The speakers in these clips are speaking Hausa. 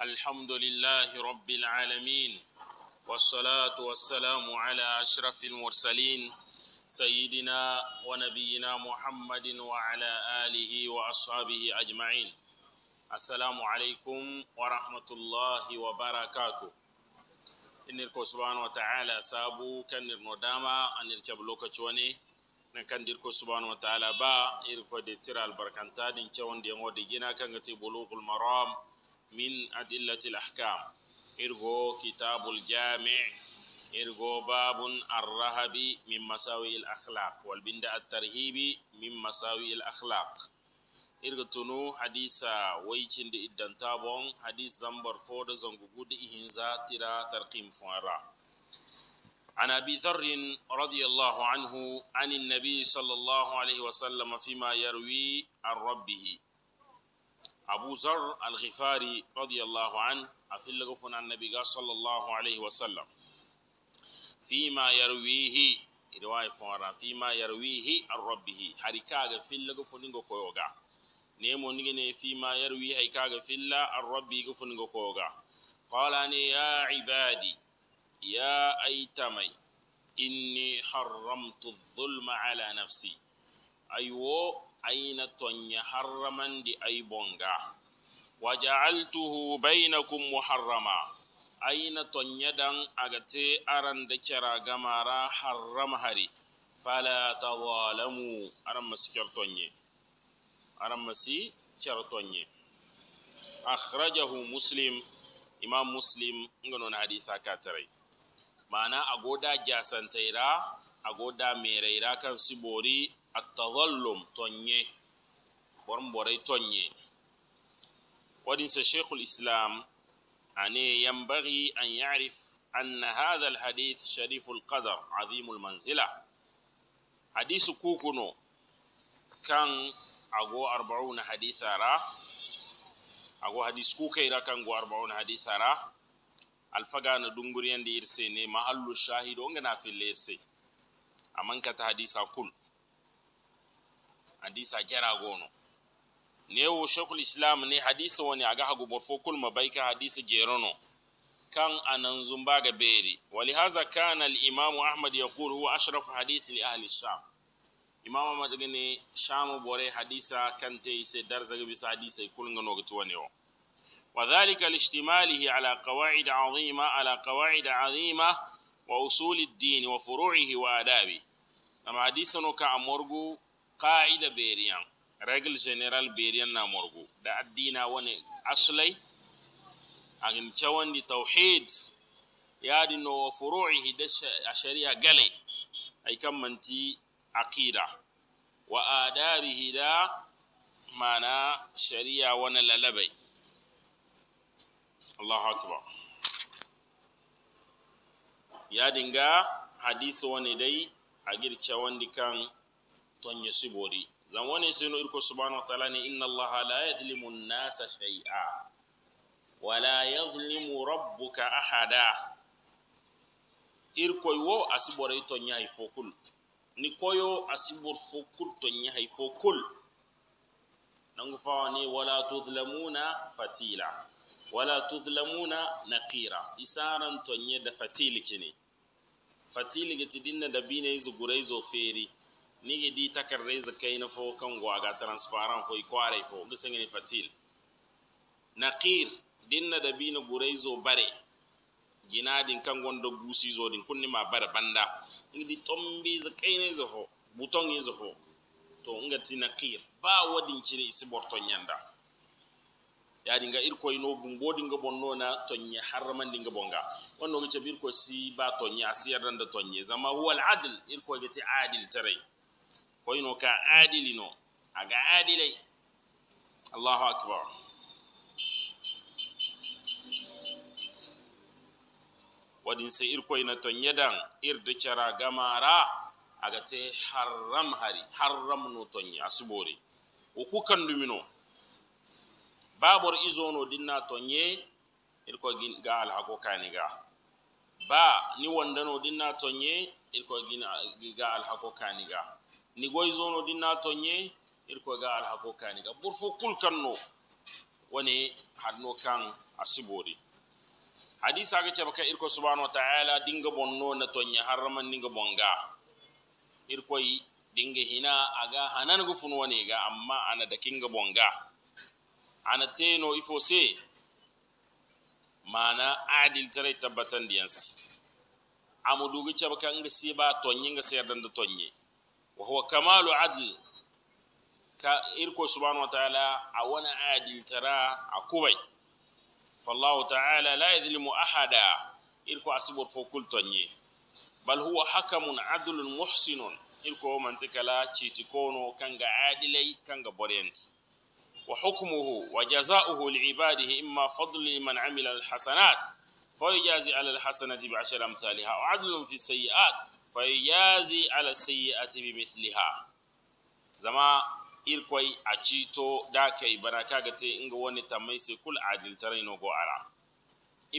الحمد لله رب العالمين والصلاة والسلام على أشرف المرسلين سيدنا ونبينا محمد وعلى آله وأصحابه أجمعين السلام عليكم ورحمة الله وبركاته inir ko subhanahu wa ta'ala sabu kanir no dama anir kab lokaci wani na kandir ko subhanahu wa ta'ala ba ir ko de tiral barkanta din cewon de ngode gina kan gati bulugul maram من أدلة الأحكام إرغو كتاب الجامع إرغو باب الرهب من مساوي الأخلاق والبند الترهيب من مساوي الأخلاق إرغو تنو ويشن دي إدن تابون حديث زنبر فود قد إهنزا ترى ترقيم فورا عن أبي ذر رضي الله عنه عن النبي صلى الله عليه وسلم فيما يروي عن ربه أبو ذر الغفاري رضي الله عنه أفل عن النبي صلى الله عليه وسلم فيما يرويه رواية فورا فيما يرويه عن ربه حركاغ فل غفن غكوغا نيمو نيجي فيما يرويه أي كاغ فل عن ربه غفن غكوغا قال أني يا عبادي يا أيتمي إني حرمت الظلم على نفسي أيوه aina tonye harramandi ay bonga waja'altuhu bainakum muharrama aina tonya dan agate aranda kera gamara harram hari fala tawalamu aran masikar tonye aran masi kera tonye akhrajahu muslim imam muslim ngano na haditha katare mana agoda jasantaira agoda mereira kan sibori ak tawallum tonye borom boray tonye wadin sa sheikh al islam ani yambaghi an ya'rif anna hadha hadith sharif al qadar azim al manzila hadith kukuno kan ago 40 hadith ara ago hadith kukay ra kan go 40 hadith ara al fagana dunguriyan di irsene mahallu shahid ongana fil lesse amanka ta hadith akul hadisa jara gono ne wo shekul islam ne hadisa wani aga hagu borfo kulma bai hadisa jerono kan anan zumba ga beri wali haza kana al imam ahmad yaqulu huwa ashraf hadith li ahli sham imam ahmad gane sham bore hadisa kan te se darza ga bisa hadisa kulnga no gatu wani وذلك لاشتماله على قواعد عظيمة على قواعد عظيمة وأصول الدين وفروعه وآدابه لما حديثنا كأمرجو ka'ida beriyan regal general beriyan na morgo da addina wani aslai agin cawandi tauhid di no wa furu'ihi da shari'a gale ay kan manti aqida wa adabihi da mana shari'a wani lalabai Allahu akbar ya dinga hadisi wani dai a girce wani kan tonye sibori zan wani sino irko subhanahu wa ta'ala ni inna allaha la yadhlimu an-nasa shay'a wa la yadhlimu rabbuka ahada irko yo asibori tonya ifokul ni koyo asibor fokul tonya ifokul nangu fawani wala tudhlamuna fatila wala tudhlamuna naqira isaran tonye da fatili kini fatili geti dinna dabine izo gureizo feri nigi di takarda zakaina e fo kan gwaga transparent fo ikware fo ni fatil naqir dinna da bina gurai zo bare gina din kan gondo gusi zo din kunni ma bare banda nigi tombi zakaina e zo fo buton yi zo fo to ngati naqir ba wadin kini isi borton yanda yadinga irko ino bumbo dinga bonno na tonye harman dinga bonga wannan gace birko si ba tonye asiyar da tonye zama huwal adl irko gace adil tare koyno ka aadilino aga aadilay allahu akbar waɗin irkwai na koyna to ñedan irde cara gamara aga te haram hari haram no toñe a suɓore o ku kandumino babor isono dinna toñe ir gin ga alhako kani ga ba ni wondano dinna toñe ir gin ga alhako kani ga ni goyzono din natoye irkoy ga ko kani ga burfu kul kanno woni hadno kan a hadisa ga ce baka ka irko subhanahu wa ta'ala dinga bonno na toye harraman dinga bonga yi dinga hina aga hanangu fun woni ga amma ana da kinga bonga ana teno ifo se mana adil tare tabbatan diyansi amudu dugi caba ka nga siba tonye nga da tonye وهو كمال عدل كإركو سبحانه وتعالى أونا عادل ترى أكوبي فالله تعالى لا يظلم أحدا إركو أسبر فوكل تنيه بل هو حكم عدل محسن إركو من تكلا تيتكونو كانغا عادلي كانغا بورينت وحكمه وجزاؤه لعباده إما فضل لمن عمل الحسنات فيجازي على الحسنة بعشر أمثالها وعدل في السيئات zi ala a bi mithliha zama irkwai a cito da yi bana kaga te inga wani tamai sai kul adiltar tarai no go ara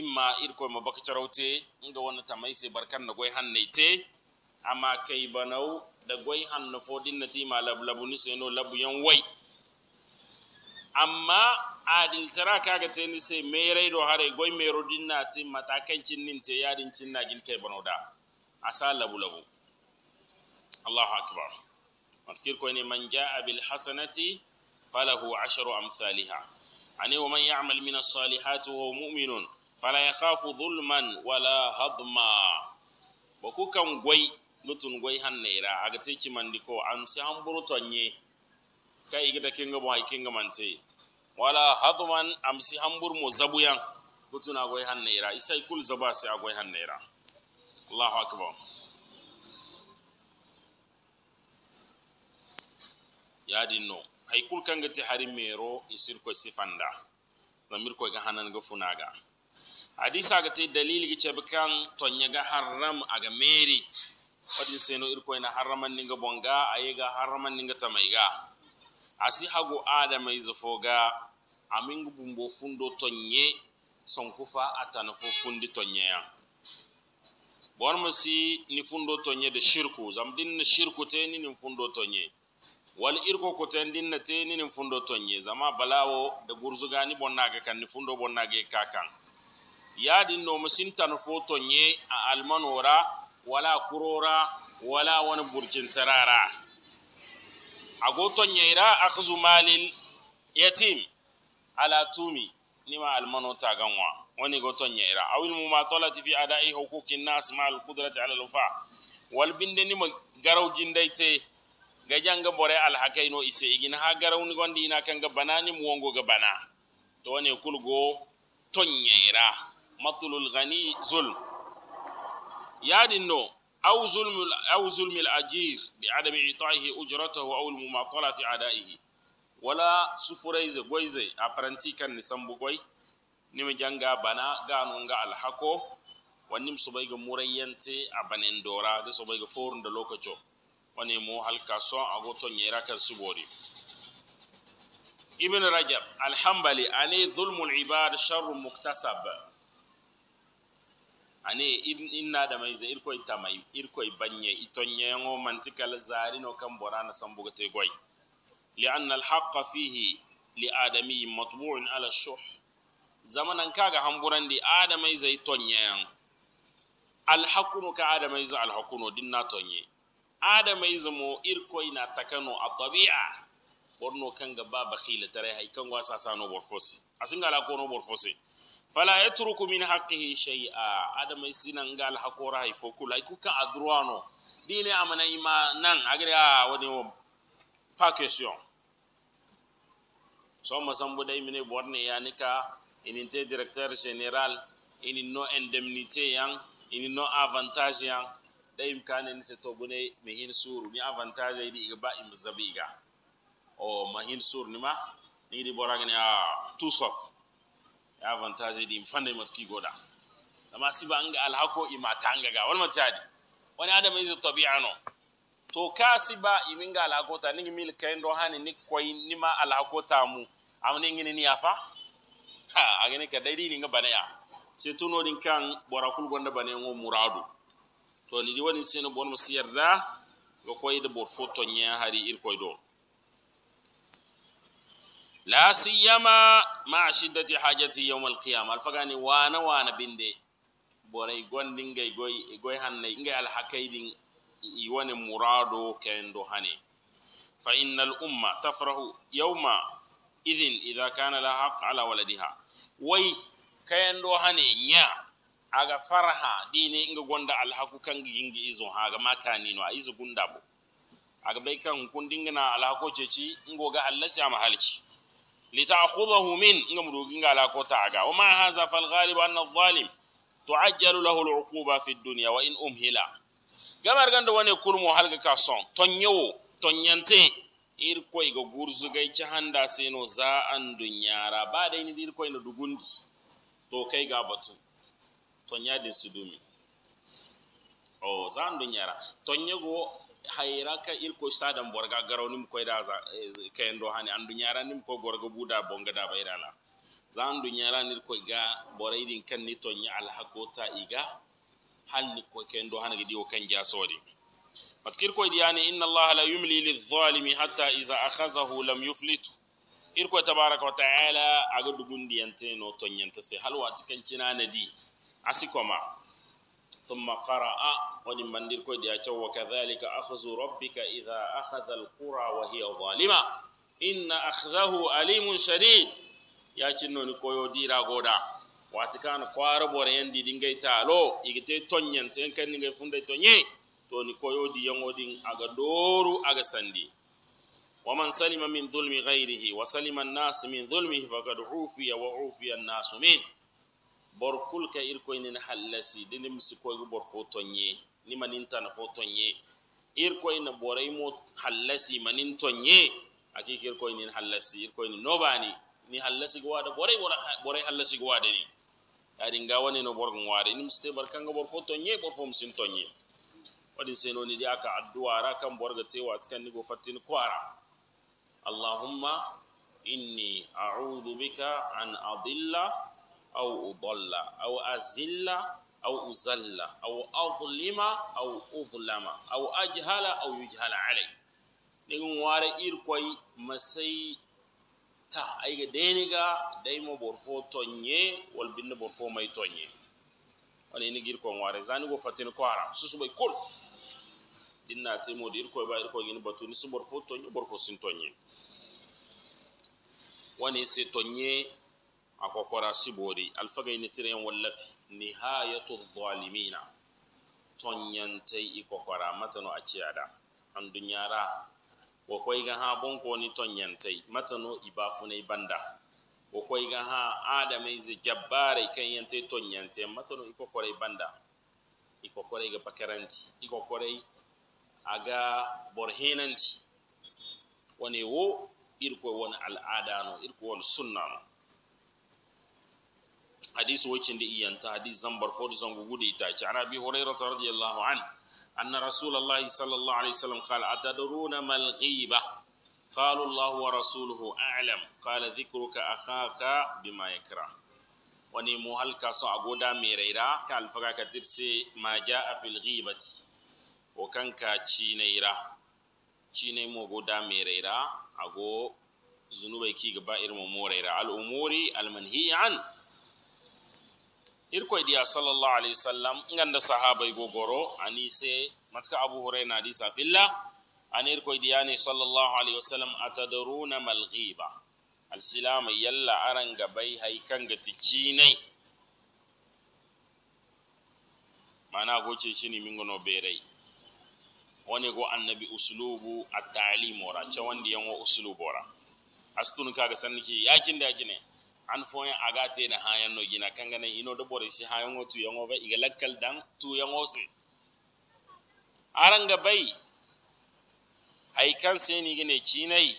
imma irkwai mabaka charaute inga wani tamai sai barkan na gwai hannai te amma kai banau da gwai hannu fodin na tima lablabu nisa sai labu yan wai amma adil ka kaga te ni sai merai do hare mai mero na te matakancin nin te yadin cin na kai banau da asa labu-labu Allahu akbar Masu ko ne man jaa bil hasanati falahu asharu amthaliha ne wa man ya'mal min as-salihati wa mu'minun fala ya yakhafu dhulman wala hadma boku kan gwai mutun gwai hannaira aga teki mandiko an si hamburu tonye kai igida kinga bo hay kinga mante wala hadman am si hambur mo zabuyan nutun agwai hannaira isai kul zabasi agwai hannaira Allahu akbar yadi no hay kul kanga ti hari mero isir ko sifanda zamir ko ga hanan funaga hadisa ga ti dalil ga cebkan to ga haram aga meri wadin seno ir ko ina haraman ninga bonga ayega haraman ninga tamaiga asi hago adama izofoga amingu bumbo fundo tonye sonkufa atana fo fundi tonyeya warmo si ni fundo de shirku zam din na shirku teni nin fundo tonye wal irko ko ten dinna teni nin fundo tonye zama balawo da gurzugani bonnaga kan ni fundo bonnaga ka kan din no tan fo tonye a almanora wala kurora wala wani burkintarara ago ira akhzu malil yatim ala tumi ma almanota ganwa wonigo ton ñeyra awil mumatalati fi adai huquqi nnas ma alqudrati ala lufa wal bindenima garaw jindayte ga janga bore alhakayno ise igina ha ni gondi ina kanga banani mu wongo ga bana to wani kulgo ton ñeyra matlul gani zulm yadin no aw zulmi aw zulmi al ajir bi adami itaihi ujratahu aw al mumatala fi adaihi wala sufuraize goize apprenti kan ni sambu nimi janga bana ganu nga alhako wani sobai ga murayyante a banin dora da sobai ga forun da lokacin wani mu halka son a goton yera kan subori ibn rajab alhambali ane zulmul ibad sharrun muktasab ane inna da mai zai irkoi tamai irkoi banye itonye yango mantikal zari no kan borana sambuga te goy li anna alhaqqa fihi li adami matbu'un ala shuh Zaman an kaga di adamai zai yan alhakuno ka adamai zai alhakuno din na tonye adamai zamo irko ina takano a tabi'a borno kan gaba bakhila tare hay kan wasa sano borfosi asinga la kono borfosi fala yatruku min haqqihi shay'a adamai sinan gal hakora hay ku ka adruano dine amana ima nan agre a wani wo pakesion so masambu dai mine borne yanika inin te directeur général inin no indemnité yan inin no avantage yan da imkanin se to mihin suru ni avantage idi iga ba im zabiga o oh, mahin suru ni ma ni di bora gani a ah, two soft avantage idi imfande matki goda amma siba anga alhako imata anga ga wal matadi wani adam izo tabi'ano to kasi ba iminga alhakota ningi mil kendo hani ni koy nima alhakota mu amne ngini ni afa ha gani ka daidai ni ga ya se tuno din kan bora kul gonda bane ngo muradu to ni di wani sene bon mo siyarda go koy de bor foto nya hari ir koy do la siyama ma shiddati hajati yawm al qiyamah alfagani wana wana binde borai gondin ngai goy goy hanne ngai al hakaydin i wani muradu kendo hane fa innal umma tafrahu yawma idhin idha kana la haqq ala waladiha wai kayan doha hane nya aga faraha dini inga gwanda alhaku kan gi izo ha ga makani no izo gunda bo aga bai kan kundinga na alhaku ceci ingo ga Allah sai ma Lita li ta'khudahu min inga mudugin ga alhaku ta aga wa ma hadha fal ghalib To adh-dhalim tu'ajjalu lahu ba fi duniya, wa in umhila gamar ganda wani kurmo halga kason ton tonyante Irkoi ga gurzugai handa sai no za an yara ba da yin irkoi na dugunti to kai ga batu tonya din su dumi o za andun yara tonya go haira ka irko sadan borga garo nim koi da za eh, kayen do hani an dunyara nim ko gorga buda bonga da bayrala za an yara nir koi ga boray din kan ni tonya alhakota iga hanni ko kayen do hani gidi o kan jasodi matkir koy diyani inna allah la yumli lidh-dhalimi hatta iza akhazahu lam yuflit irko tabaraka wa ta'ala aga dugundi yante no tonyanta se halwa tikan kina di. asikoma thumma qara'a wani mandir koy diya chaw wa kadhalika akhzu rabbika idha akhadha al-qura wa hiya zalima inna akhdahu alimun shadid ya cinno ni koyo dira goda watikana kwara bore yandi dingai lo igite tonyanta kan dingai funde tonye to ni koyodi yangodin aga doru aga sandi Wa man salima min zulmi ghayrihi wa salima an-nas min zulmihi faqad ufiya wa ufiya an-nas min bor kulka irkoynin hallasi dinim sikoygu bor fotonye ni manintana fotonye irkoyna boraymo hallasi manintonye akiki irkoynin hallasi irkoyni nobani ni hallasi go wada boray boray hallasi go wadani adin gawane no borgo wade nim ste barkanga bor fotonye bor fom sintonye padi senoni di aka addu'a ra kan borga tewa tikan nigo fatin kwara allahumma inni a'udhu bika an adilla aw udalla aw azilla aw uzalla aw adlima aw udlama aw ajhala aw yujhala alai nigin ware ir koy masai ta aiga deniga daymo borfo tonye wal binne borfo may tonye wani ni gir ko ware zani go fatin kwara susu bay kul cool. dinna te modi irko ba irko ngin batu ni subor fo tonye bor fo sin tonye wani se tonye akokora sibori alfaga ni wala fi nihayatu zalimina tonyante ikokora matano aciada an dunyara wo koy ga ha bon ko ni tonyante matano ne banda wo koy ga ha adame ze jabbare i tonyante matano ikokora banda ikokora ga pakaranti ikokora aga borhenanci wani wo irko wani al'ada no irko wani sunna no hadis wacin da iyanta hadis zambar fodi zangu gudu ita ce ana bi hurairah radiyallahu an anna rasulullahi sallallahu alaihi wasallam qala atadruna mal ghiba قالوا الله ورسوله أعلم قال ذكرك أخاك بما يكره وني مهلك سو أقودا ميريرا كالفقا كترسي ما جاء في الغيبة wo kan ka cineyra ciney mo go da mereyra ago zunubay kiiga ba irmo moreyra al umuri almanhiya an Irko diya sallallahu alaihi wa sallam sahaba sahabay go goro ani se matka abu hurayna hadisa filla ani irkoy diyani sallllahu alayhi wa sallam atadruna al alsilama yalla aranga bai hay kanga ti ciney mana goce ne mingono berai wani go annabi uslubu at-ta'lim wa cawandi yan wo uslubu wora astun kaga sanniki da yakin an foyen aga na hayan no gina kangana ino da bore shi hayan wato tu wa ba iga lakkal dan tu yongo se aranga bai ai kan seni igene cinayi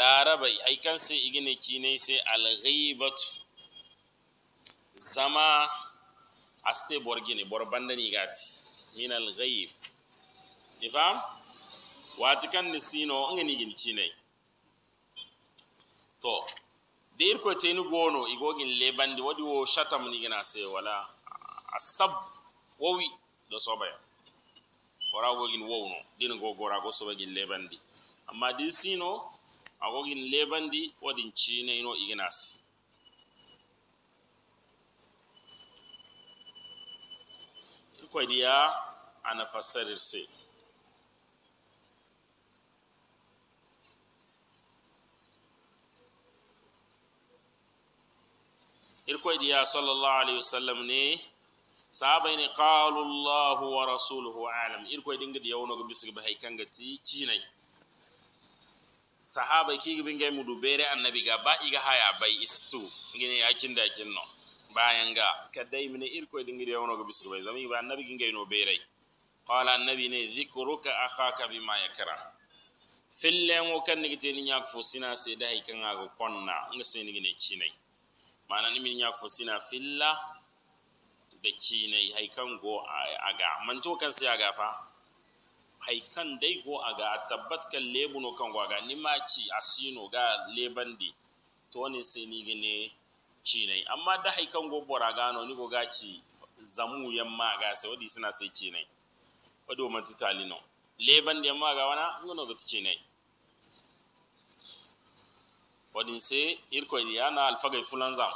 larabai ai kan se igene sai se ghaibatu zama aste bor borbandani gati min al min ifam wati kan ni sino ni gin kinai to dir ko protein gono igogin lebandi wadi wo shatam ni gina se wala asab wowi do sobaya wara gogin wowno din go gora go gin lebandi amma din sino agogin lebandi wadin cinai no ko kwadiya ana sai. irkoy diya sallallahu alaihi wasallam ne sahabai ne qalu allah wa rasuluhu alam irkoy dinga diya wono bisig ba bai kanga ti cinai sahaba ki gibin gai mudu bere annabi ga ba iga haya bai istu ngine yakin da kin no bayan ga kadai mine irkoy dinga diya wono bisig bai zami ba annabi gingai no bere qala annabi ne dhikruka akhaka bima yakra fillemo kan nigite ni nyak fo sina se dai kan ga konna nga se nigine mana nimin ya fusina filla da kinai haikan go aga man to kan sai aga fa haikan dai go aga tabbat kan no kan go aga ma ci asino ga lebandi to ne sai ni gine kinai amma da haikan go bora gano ni go ga ci zamu yamma ga sai wadi suna sai kinai wadi wa matitali no leban ma yamma ga wana ngono ga kinai wadinsa se irkoyɗi ana alfagai fulan zam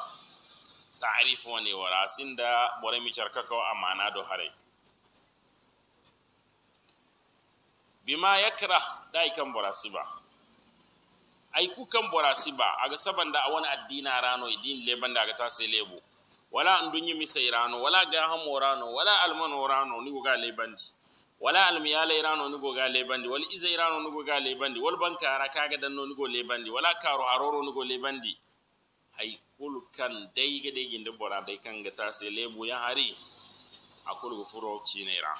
wani wara sin da bore micar kako a mana do haray bima kira ɗay kam bora siba ay ku kan bora siba ga saban a wani addina rano idin leban da ga ta sai lebu wala an dunyi misai rano wala hamo rano wala almano rano ni ga lebanci wala almiyala irano nugo ga lebandi wala iza irano nugo ga lebandi banka ara kaga danno nugo lebandi wala karo haroro nugo lebandi hay kul kan dai dayginde bora ga kanga tase lebu ya hari akulugo furo cinera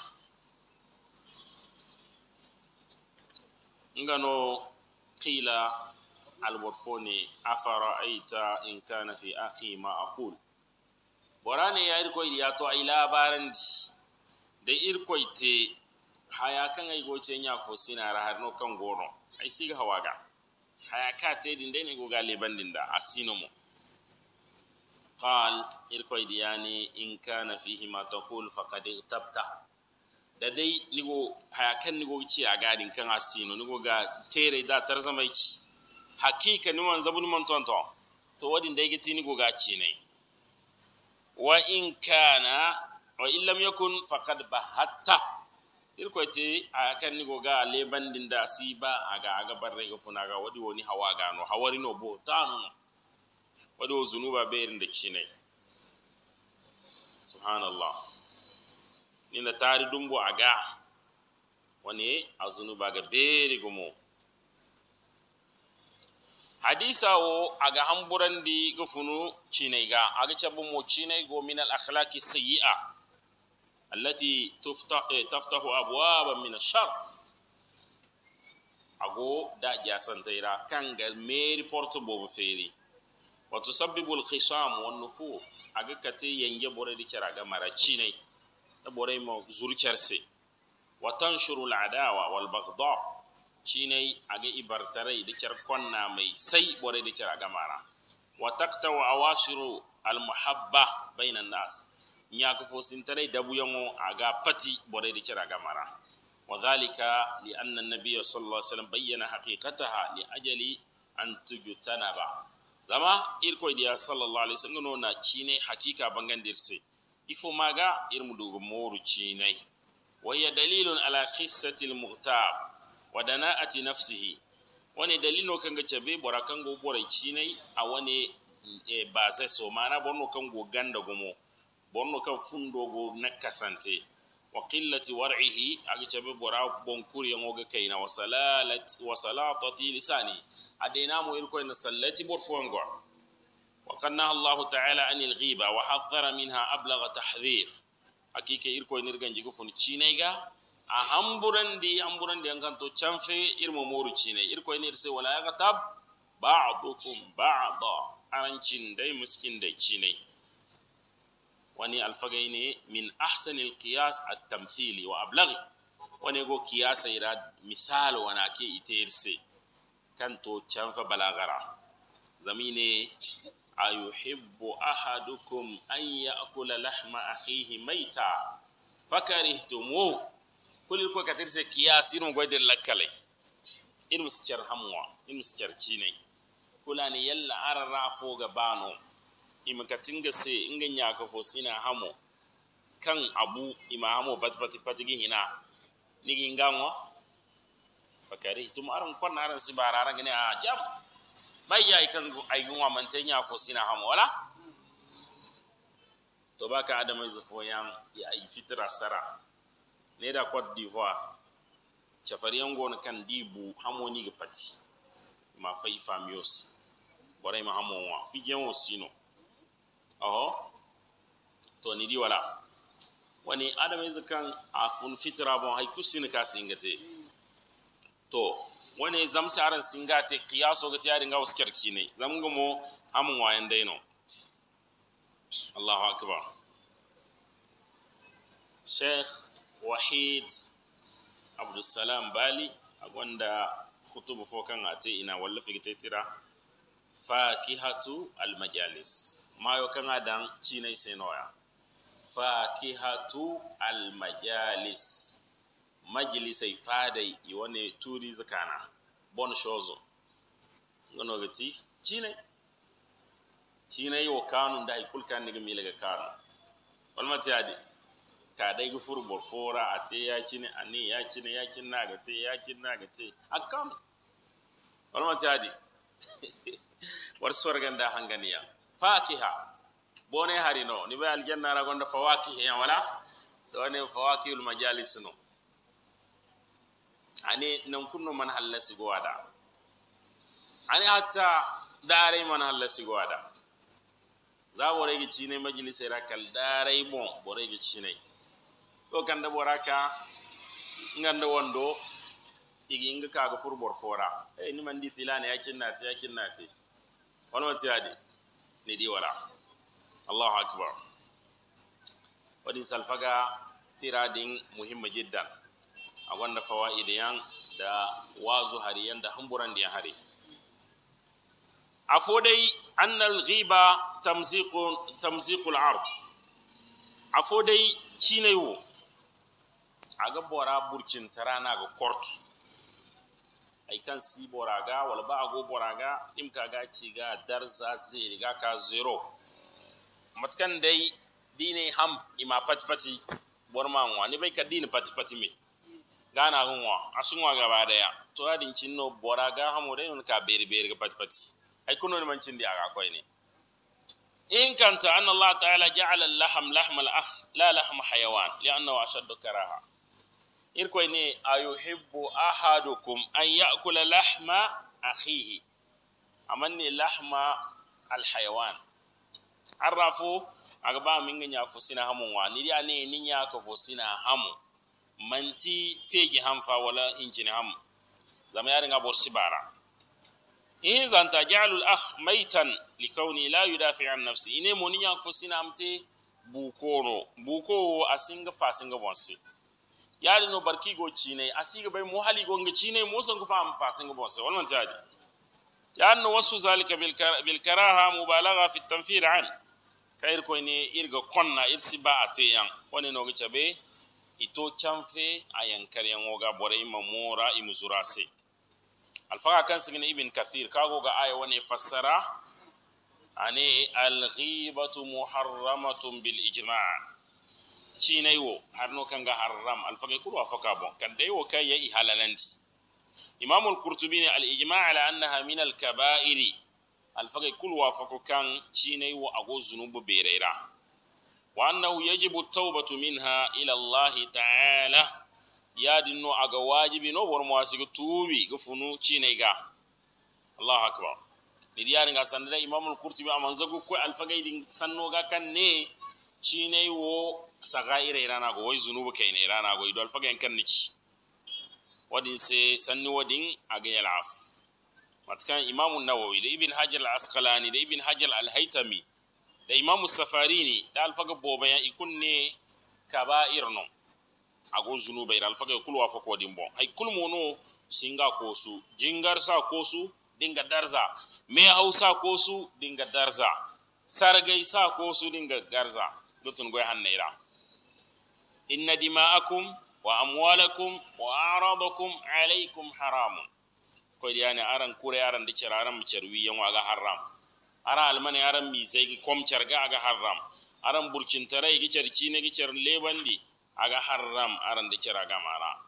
ngano qila alborfoni aita in kana fi akhi ma aqul borane yayir koyɗi ya to ay labarandi de irkoy te haya kan ay go ce nya fo sinara har no kan gono ai siga hawaga haya ka te din dai ne go bandin da asino mo qal irko idiyani in kana fihi ma taqul faqad tabta da dai go haya kan go ci a gadin kan asino go ga tere da tarzama ci hakika ni wan zabun man tonton to wadin dai giti go ga ci ne wa in kana wa illam yakun faqad bahatta irkoyte a kan ni goga da ba a ga lebandinda siba ga funa ga wadi wani woni hawa gano no bo tanuno wadi o zunuba berin ɓerinde cinayi subhanallah na tari dumbo bo ga wani a zunuba ga beri gumo hadisa wo hamburan di go funu cinayi ga a ga cabin mo cinayi go minal akhlaqi sayi'a التي تفتح تفتح أبوابا من الشر اغو دا جاسن تيرا كانغ ميري بورتو بوب فيري وتسبب الخصام والنفور أقا كتي ينجي بوري دي كرا غمارا چيني بوري مو زور كيرسي وتنشر العداوة والبغضاء تشيني أقا إبرتري دي كير كوننا مي سي بوري دي كرا غمارا وتقطع أواشر المحبة بين الناس yakufo sintarai dabu yanwo a ga fati bore da kira mara. wa zalika li anna nabiyyu sallallahu alaihi wasallam bayyana haqiqataha li ajali an tujutana ba zama irko diya sallallahu alaihi wasallam nona chine hakika bangan dirse ifo maga irmu dugo moru chine wa hiya dalilun ala khissati al muhtab wa dana'ati nafsihi wani dalilo kanga chabe bora kango bora chine a wani e, eh, baze so mana bonno kango ganda gomo bonno kan fundogo nakkasante wa qillati war'ihi aga cabe bora bonkuri yangoga kayna wa salalat wa salatati lisani adenamo irkoyna sallati bor fongo wa qad naha allahu taala ani alghiba wa haddara minha ablaga tahdhir hakike irkoynirgan jigo foni cinayga a hamburandi hamburandi an kanto canfe irmo moru cinay irkoynir se wala yagatab badukum bada arancin dai miskin dai cinay واني الفغيني من احسن القياس التمثيلي وابلغي واني غو قياس يراد مثال وناكي يتيرسي كانتو تشانفا بلاغرا زميني ايحب احدكم ان ياكل لحم اخيه ميتا فكرهتموه كل الكو كاتيرسي قياس يرم غويدر لكالي يرم سكر هموا يرم سكر كيني كلاني يلا ارى رافوغا بانو ima katinga se inga nyaka fo sina hamo kan abu ima hamo pati pati pati gi hina nigi ngango fakari tum aran kon aran si bara aran gane a ah, jam bai ya ikan ai gunwa mantanya fo sina hamo wala to baka adam zufo yan ya ai fitra sara ne da Cote chafari yango na kan dibu ni ga pati ma faifa famios bora ima hamo wa fijen sino oho to ni di wala wani adam izu kan a fun fitira bon hay ne ka singate to wani zamsi aran singate qiyaso ga tiyari ga ne zam ga mo amun wayan daino Allahu akbar Sheikh Wahid Abdulsalam Bali a gwanda khutubu fokan ate ina wallafi ga tira fakihatu almajalis mayo kanga dan cinai senoya fakihatu almajalis majlisai fadai iwane turi zakana bon shozo ngono gati cinai cinai yo kanu ndai kulkan ni mele laga kanu walma tiadi ka dai furu bor fora ate ya cine ani ya cine ya cin na te, ya cin na akam akan walma tiadi war da hanganiya fakiha bone harino ni be aljanna ragonda fawakihi ya wala to ne fawakihul majalis no ani nan kunno man halla sigo ani hatta dare man halla sigo za bore gi cine majlise kal dare mo bore gi cine to kanda boraka nganda wondo igi inga kaga furbor fora e ni man di filani yakin nati yakin nati wani mata ya ne dai wala allahu akbar Wani salfaga tira din muhimma jiddan a wanda idiyan da wazu hariyan da hamburan da ya hari a fodai annal ghiba tamziqul ard a fodai cinayo a ga bora burkin tarana ga kortu ai kan si boraga wala ba go boraga ci ga dar, za, ze, ga ka zero matkan dai dine ham ima pati pati borma nwa ni bai ka dini pati pati me gana ga nwa asu nwa gaba ya to cin no boraga mo dai nun ka beri beri ga pati pati ay kuno ni mancin di aga koy ne إن كنت أن الله تعالى جعل اللحم لحم الأخ لا لحم حيوان لأنه ashaddu karaha irkoy ni ayuhibbu ahadukum an ya'kula lahma akhihi amanni lahma alhayawan arrafu agaba minga nya fusina hamu wa ni ya ne ni ya ka fusina hamu manti fegi hamfa wala injini hamu zama yarin sibara in zanta ja'alu al-akh maytan likawni la yudafi an nafsi ine moni nya fusina amte bukoro buko asinga fasinga bonse yaade no barkigo ciine a siga bay mo haligo nga ciine mo songo fa fa singo bonse wal man taadi no wasu zalika bil karaha mubalaga fi tanfir an kayir ko ne irga konna irsi ba ateyan woni no ga cabe ito canfe a yankar yanwoga bore ima mora imu zurase alfaka kan sigini ibn kathir kago ga aya wani fassara ane alghibatu muharramatun bil ijma' cinai wo kan ga haram alfage kulu afaka bon kan dai wo kan yayi halalandi imam al-qurtubi ne al-ijma' ala annaha min al kabair alfage kulu afako kan cinai wo ago zunubu bereira wa annahu yajibu at-taubatu minha ila Allah ta'ala ya dinno aga wajibi no bor mo asigo tubi gufunu cinai ga allah akbar ni diyani ga sandira imam al-qurtubi amanzagu ko alfage din sanno ga kan ne cinai wo ira na go wai zunubu ira na go idol fagen kan niki wadin se sanni wadin a aga yalaf matkan imamu nawawi da ibn hajar al asqalani da ibn hajar al da imamu safarini da alfaga bobayan ikunne kaba'ir no ago zunubai da alfaga kulwa fa bon dimbo hay kulmono singa kosu jingar sa kosu dinga darza me hausa kosu dinga darza sargai sa kosu dinga garza dutun goy hannaira inna دماءكم wa وأعراضكم wa حرام alaykum haramun koyɗi yani aran kure aran de cer aran mi cer wiyan aga haram ara almane aran kom cerga aga haram aran burcintarai gi cer cine gi cer lebandi aga haram aran de cer aga mara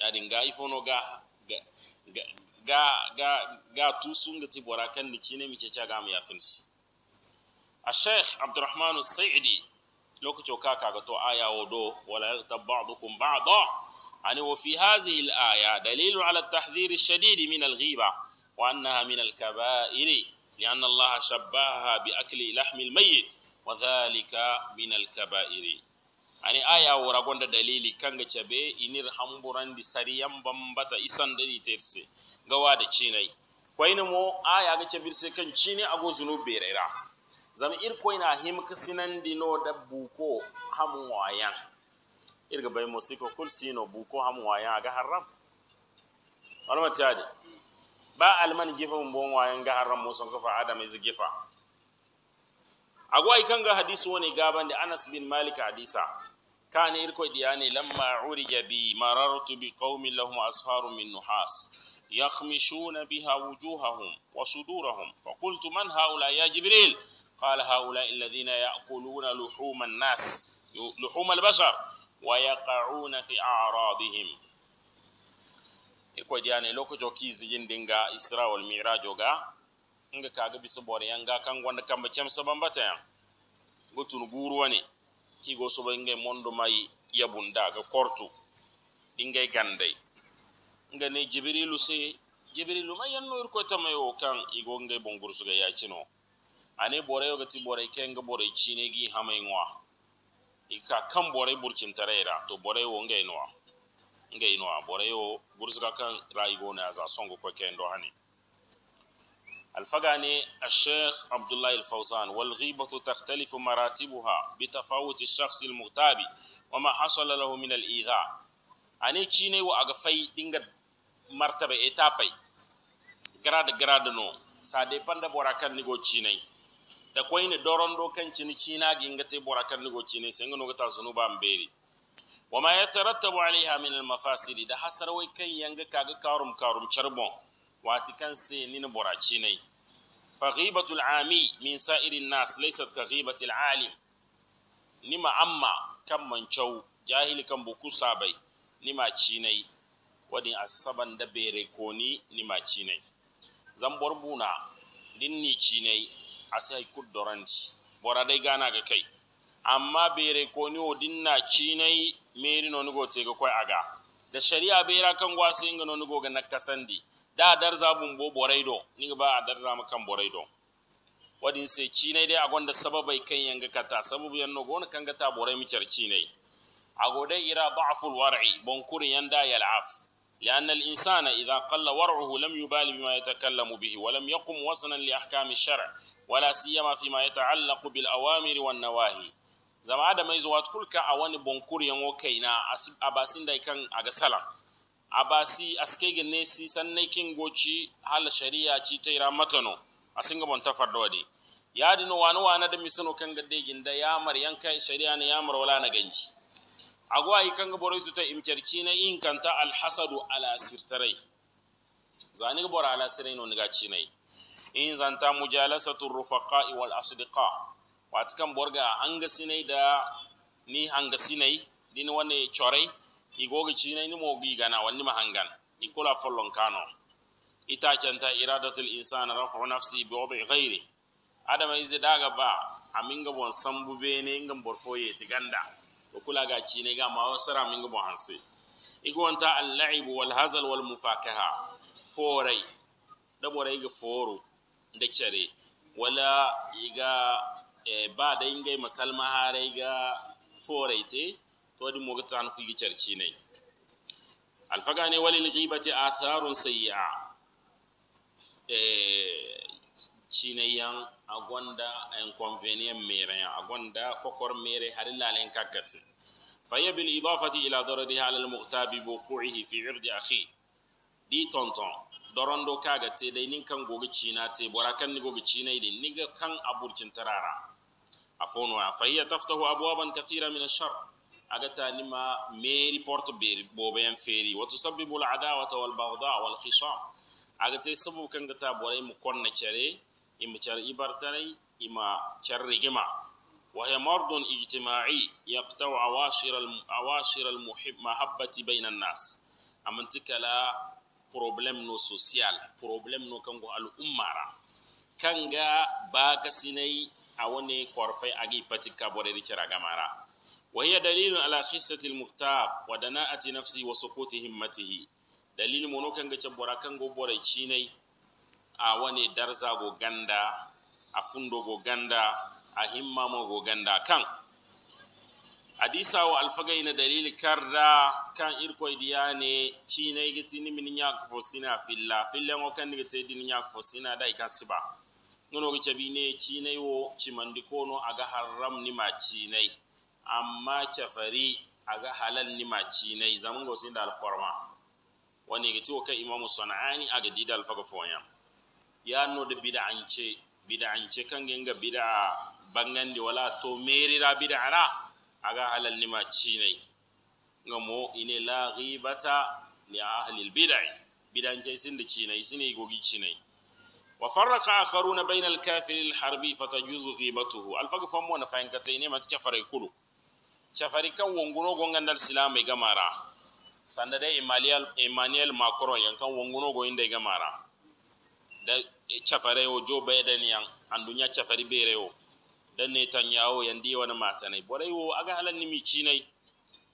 ɗaɗin ga ifono ga ga ga ga tusunga ti bora kandi mi الشيخ عبد الرحمن السعدي lokaco ka kaga to aya wo wala yaghtab ba'dukum ba'da ani wa fi hadhihi al-aya dalilun ala at-tahdhir ash-shadid min al-ghiba wa annaha min al-kaba'ir akli lahm al-mayyit wa dhalika min al-kaba'ir ani aya wora gonda dalili kanga chabe inir di sariyam bambata isan dani terse gawa da cinai -Kwai mo aya ga sai kan cine ago zunubi berera zama irkoyna himka sinandino da buko ham wayan irga bay musiko kul sino buko ham wayan ga haram walma tiade ba alman gifa mbon wayan ga haram muson ka fa adam iz gifa agwai kanga hadisi woni gaban da Anas bin Malik hadisa kana irko diyani lamma urija bi marartu bi qaumin lahum asfaru min nuhas يخمشون بها وجوههم وصدورهم فقلت من هؤلاء يا Jibril. qala haulai alladhina yakuluna luhuma nnas luhuma albashar wayaqauna fi aradihim iko jani lokoco kiisi jindinga isra wal mirajo ga nga kaga bisa bore yanga kan gonda kamba cem sobambata yan gotun guruwani kigo sobo ingay mondo mai yabunda ga kortu dingay gandai nga ne jibrilu se jibrilu ma yanno irko tamayo kan igo ngay bongursuga yacino ane boray ogati boray kenga boray cinegi hamay ŋwa ika kan boray burcintareyra to boray wo ngeynowa ngeynowa boray o gursika kan rayigone aza songo koy kendo hani الفقاني الشيخ عبد الله الفوزان والغيبة تختلف مراتبها بتفاوت الشخص المغتاب وما حصل له من الإيذاء أني تشيني وأغفاي دينغ مرتبة إتابي جراد جراد نو سادي باندا بوراكان نيغو تشيني da kwai dokan cin kan cini cina gingate bora kan nigo cine sengo no ta sunu ban beri wa ma yatarattabu alaiha min al mafasid da hasar wai kan yanga kaga karum karum charbon wati kan se ne bora cine fa ghibatul ami min sa'irin nas laysat ka ghibatil alim nima amma kan mancau jahili kan buku sabai nima cinai wadi asaban da bere koni nima cinai zambor buna dinni cinai asai kuddoranti bora dai gana ga kai amma bere koni o dinna cinai meri noni go tega koy aga da shari'a bera kan gwasi ga noni go ga nakasandi da darza bun bo borai do ba a darza mu kan borai do wadin sai cinai dai agonda sababai kan yanga kata sababu yanno gona kan gata borai mi car cinai agode ira ba'ful war'i bonkurin yanda yal'af لأن الإنسان إذا قل ورعه لم يبال بما يتكلم به ولم يقم وصنا لأحكام الشرع wala siyama ma yata'allaqu bil awamiri wan nawahi zama da mai zuwa kulka a wani bonkur yango kaina abasin dai kan aga sala abasi aske gine si sanne kin goci hal shari'a ci taira matano asinga bon tafardodi yadi no wani wana da misano kan gadde ginda ya mar yanka shari'a ne ya mar wala na ganji agwa yi kan gaboro ta imcerci na in kanta alhasadu ala sirtarai zani gaboro ala sirai no ga cinai in zanta mujalasatu rufaqa'i wal asdiqa wat kam borga hanga sinai da ni hanga sinai din wane chore igogi chinai ni mogi gana wani mahangan ikula follon kano ita canta iradatul insana raf'u nafsi bi wadi ghairi adam izi daga ba aminga bon sambu bene ngam borfoye tiganda kula ga chinai ga mawo sara minga bon hansi igonta al-la'ib wal hazal wal mufakaha forai borai ga foru nga care wala iga e, eh, bada ingay masalma hara iga forayte todi moga tan fu iga care cinay alfagane walil ghibati atharun sayyi'a eh, e, cinayan agonda inconvenient mere agonda kokor mere hari lalen kakkate فهي بالإضافة إلى ضررها على المغتاب بوقوعه في عرض أخيه دي تونتون dorondo kaga te dai nin kan gogi cina te bora kan ni gogi cina idi niga kan aburkin tarara afono a fahiya taftahu abwaban kathira min ashar aga ta nima meri porte beri bobayan feri wa tusabbibu al'adawata wal baghdha wal khisam aga sabu kan ga ta bora mu konna cere imu ibar ibartarai ima car rigima وهي مرض اجتماعي يقطع عواشر الم... عواشر المحب محبة بين الناس problem no social problem no kango al'ummara kanga ba ka sinai a wani kwarfai a gi patika bode di kira gamara wa hiya dalilun ala khissati al-muhtab wa dana'ati nafsi wa sukuti himmatihi dalilun mono kanga chabora kango bore chinai a wani darza go ganda a fundo go ganda a himma mo go ganda kan. hadisa wa alfagai na dalili karda kan ne yi gati ni min ya kufo sina filla fillengo kandiga ni ya kufo sina da ikan siba ci na yi wo cimandi kono aga haram ni na yi amma cafari aga halal ni ma nima gosi da alfarma wani gati wa kai imamu a aga dida alfaga foyam da bida ce bida kan kangenga bida bangandi wala to merira bida ara aga halal ni cinai ngamo ine la ghibata li ahli albid'i bidan ce sin chinai sini gogi chinai wa farraqa akharuna bayna alkafir alharbi fatajuzu ghibatuhu alfaga famu na fayin kataine mat kafare kulu chafari kan wonguno gonga dal silama gamara sandade dai emmanuel emmanuel macron yan kan wonguno go inde gamara da e chafare o jo baydan yan andunya chafari bere o dan ne tan yawo yandi wani mata ne bore wo aga halan ni mici ne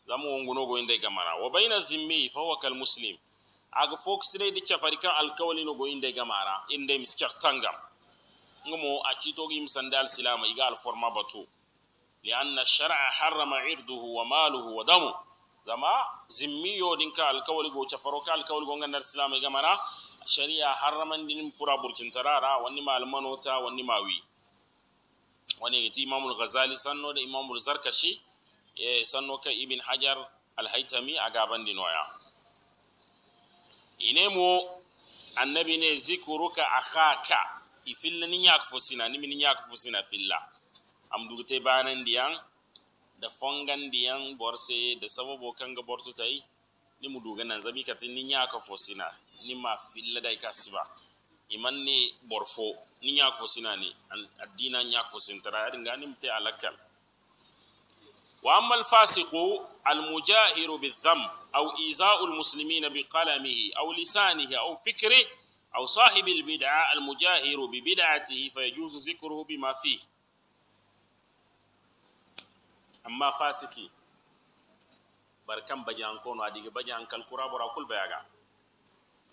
zamu wonguno go inde gamara wa baina zimmi fa huwa kal muslim aga fox re di chafarika alkawli no go inde gamara inde miskar tangam ngumo achito gim sandal silama iga al forma batu li anna shar'a harrama 'irduhu wa maluhu wa damu zama zimmi yo din kal kawli go chafaroka alkawli go ngandar silama gamara sharia harraman din fura burkin tarara wani malmanota wani mawi wani gati imamul ghazali sanno da imamul zarkashi e sanno kai Ibin hajar alhaitami a gaban dinoya ine mo annabi ne zikuruka akhaka ifilla ni yak fusina ni min yak fusina filla am te banan diyan da fongan diyan borse da sababo kanga bortu tai ni mu duga nan zabi katin ni yak fusina ni ma filla dai kasiba imanni borfo ni ñaak fo sinani addina ñaak fo sintara ari ngani mte alakal wa amma alfasiqu almujahiru bidhamb أو إيذاء المسلمين بقلمه أو لسانه أو فكره أو صاحب البدعة المجاهر ببدعته فيجوز ذكره بما فيه أما فاسكي بركم بجان كونو أديك بجان كالكرا برا كل بيغا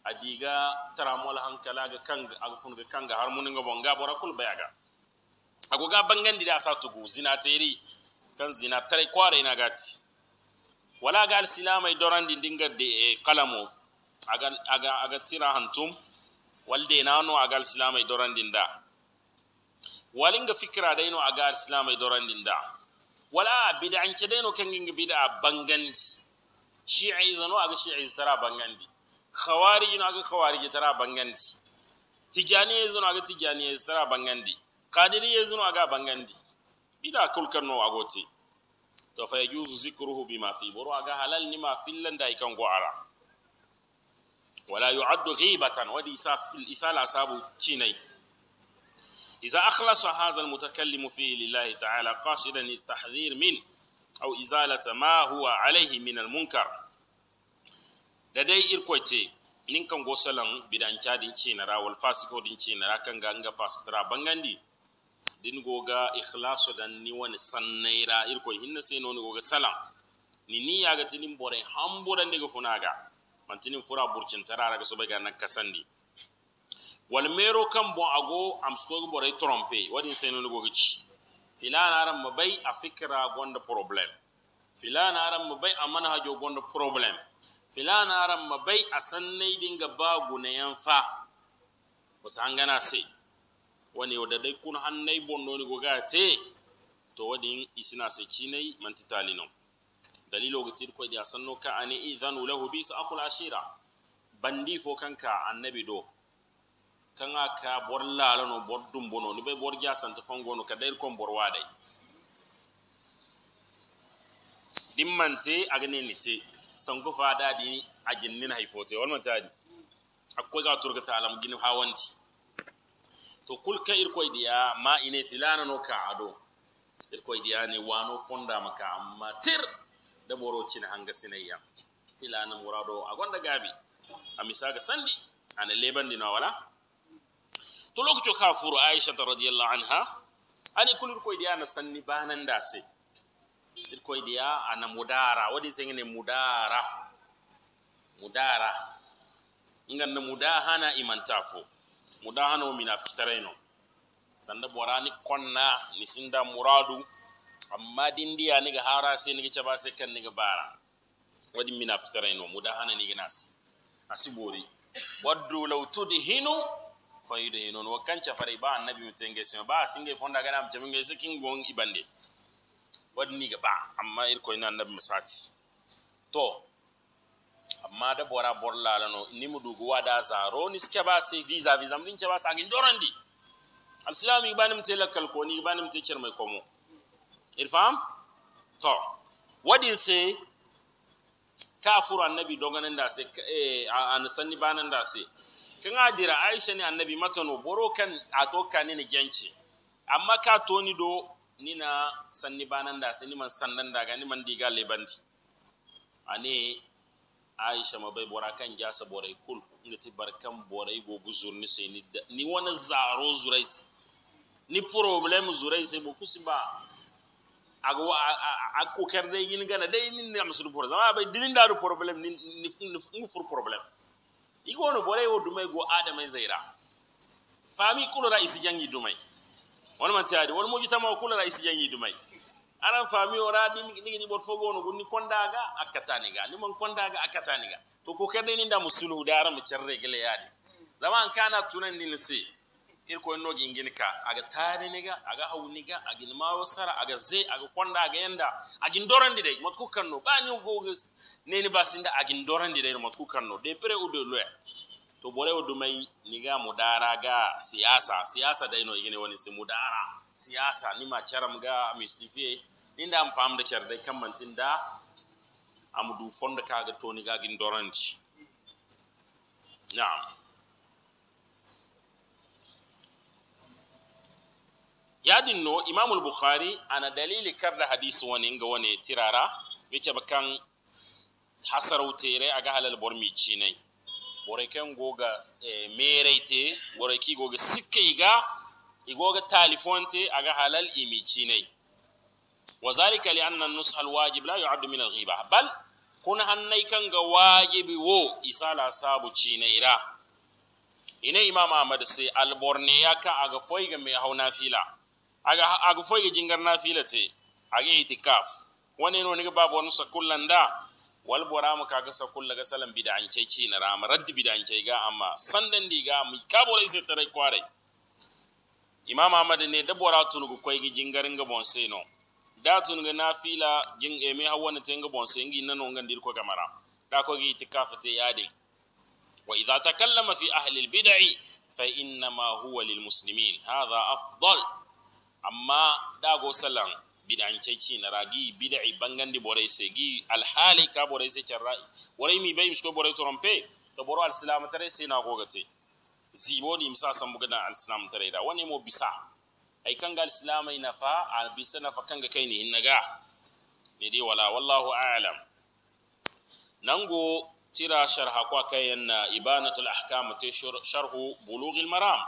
adiga taramol hankala ga kanga agfun ga kanga har munin ga bonga bora kul bayaga ga bangan dida sa tugu zina teri kan zina tare kware ina gati wala ga idoran din dinga de eh, kalamo aga aga aga tira hantum walde nano aga idoran din da walinga fikra ino aga idoran din da wala bid'an ce daino kan ginga bid'a bangan shi'i zano aga shi'i bangan din khawarij na ga khawarij tara bangandi tijani yezu na ga tijani yezu tara bangandi qadiri yezu na ga bangandi bida kulkan no agoti to fa yajuzu zikruhu bima fi buru aga halal ni ma fillan da ikan go ara wala yu'addu ghibatan wadi isaf isala sabu kinai إذا أخلص هذا المتكلم فيه لله تعالى قاصدا التحذير منه أو إزالة ما هو عليه من المنكر da dai irkoite nin kan gosalan bidanca din cinara wal fasiko din cinara kan ga nga fasikotara bangandi din goga ikhlaso dan ni wani sannaira irko hinna sai no ni goga salam ni ni yaga tinin bore hamburan daga funaga tinin fura burkin tarara ga sobe ga nan kasandi wal mero kan bon ago am sko bore trompe wadin sai no ni goga ci filana ran mabai a fikra gonda problem filana ran mabai a manhajo gonda problem filana ran mabai a sannai dinga bagu na yanfa wasu su hangana sai wani wadda dai kuna hannai bondo ni goga ce? to wani isina sai cinai, manti talino dalilo ga tirko da sanno ka ani idhanu lahu bi su akhul ashira bandi fo kanka annabi do kan ka bor lalano bor dumbono ni bai bor ja santa fangonu, ka dair kon bor wadai dimmante agne ni sanku fada dini a ginnin haifote wal di akwai ga turka ta alam gini hawanci to kul ka irkoi diya ma ine filana no ka ado irkoi diya ne wano fonda maka amma tir da borocin hanga sinayya filana murado a gonda gabi a misaga sandi ana leban dina wala to lokacin k'a furu aisha radiyallahu anha ani kulur koy diya na sanni banan da sai it koy dia ana ah, mudara wadi sengene mudara mudara na mudahana imantafu mudahana o ino, sanda borani konna ni sinda muradu amma dindiya niga hara sai ni caba sai kan niga bara wadi minafikitareno mudahana niga nasi asibori waddu law tudhinu fayudhinun wakanca fare ba annabi mutenge sima ba singe fonda gana mjaminge sikin gon ibande wadniga gaba amma ina annabi misati to amma da bora bor ni mu dugu wada zaro ni ske ba sai visa visa mun ce ba sa ngin jorandi alsilami banim ce lakal ko ni ce cer mai komo irfam to you say kafuru annabi doganan da sai eh an sanni banan da sai kan adira aisha ne annabi matano boro kan ato kan ni genci amma ka toni do nina sanni bananda sini man daga, gani man diga lebanti ani aisha bai bora kan jasa borai kul ti barkan borai go buzur ni sai ni ni wani zaro zurai ni problem zurai sai bo ba ago kar dai yin gana dai ni na musu por zama bai dinin daru problem ni ni fur problem igono no borai wo dumai go adamai zaira fami kulura isi jangi dumai wani man tiadi won mo jitama kula isi jangi dumai aran fami ora di ni ni bor fogo no gunni kondaga ga, ni mon kondaga ga to ko kede ni da musulu dara mu cerre gele yadi zaman kana tunan ni lisi ir ko no gingin ka aga tare ga, aga ga aga mawo sara aga ze aga konda aga yanda aga ndorandi de motku kanno ba ni go ne ni basinda aga ndorandi de motku kanno de pre o de loya to wa dumai ni ga mudara ga siyasa siyasa dai no igine wani, si mudara siyasa ni ma charam ga mistifie da am fam da char dai kam da am du fonda kaga ga toni ga gin doranti na'am yadin no al bukhari ana dalili karda hadisi wani ga wani tirara wice bakan hasarautere a ga halal bormi cinai boray goga go ga meeray te boray i ga igoga talifon ga i aga halal imi cinay wazalika li anna nusha alwajib la yuaddu min alghiba bal kuna hannay kaŋ ga waajibi wo isala saabu cinayra ine imam ahmad se alborneya kaŋ aga foy ga me haw fila, aga aga foy ga fila nafila te aga itikaf wani no niga babu wani sakullanda wal mu kaga sa kulla ga salam bid'an ke ki na rama raddi bid'an ga amma sandan di ga ka bora sai tare kware imam ahmad ne da bora tun gu koy gi jingarin ga bon sai no da tun ga nafila jin e me hawana ten ga bon sai ngi nan ngan dir ko gamara da ko gi te yadi wa idza takallama fi ahli al bid'i fa ma huwa lil muslimin hadha afdal amma da go salam bidan ceci na ragi bidai bangandi borai gi alhali ka borai se charrai borai mi bay misko borai trompe to boro al tare se na gogate zibo ni misa san buga al islam tare da wani mo bisa ai kanga al islam ina fa al bisa na fa kanga kai ni naga ne dai wala wallahu a'lam nango tira sharha kwa kayan na ibanatul ahkam te sharhu bulughil maram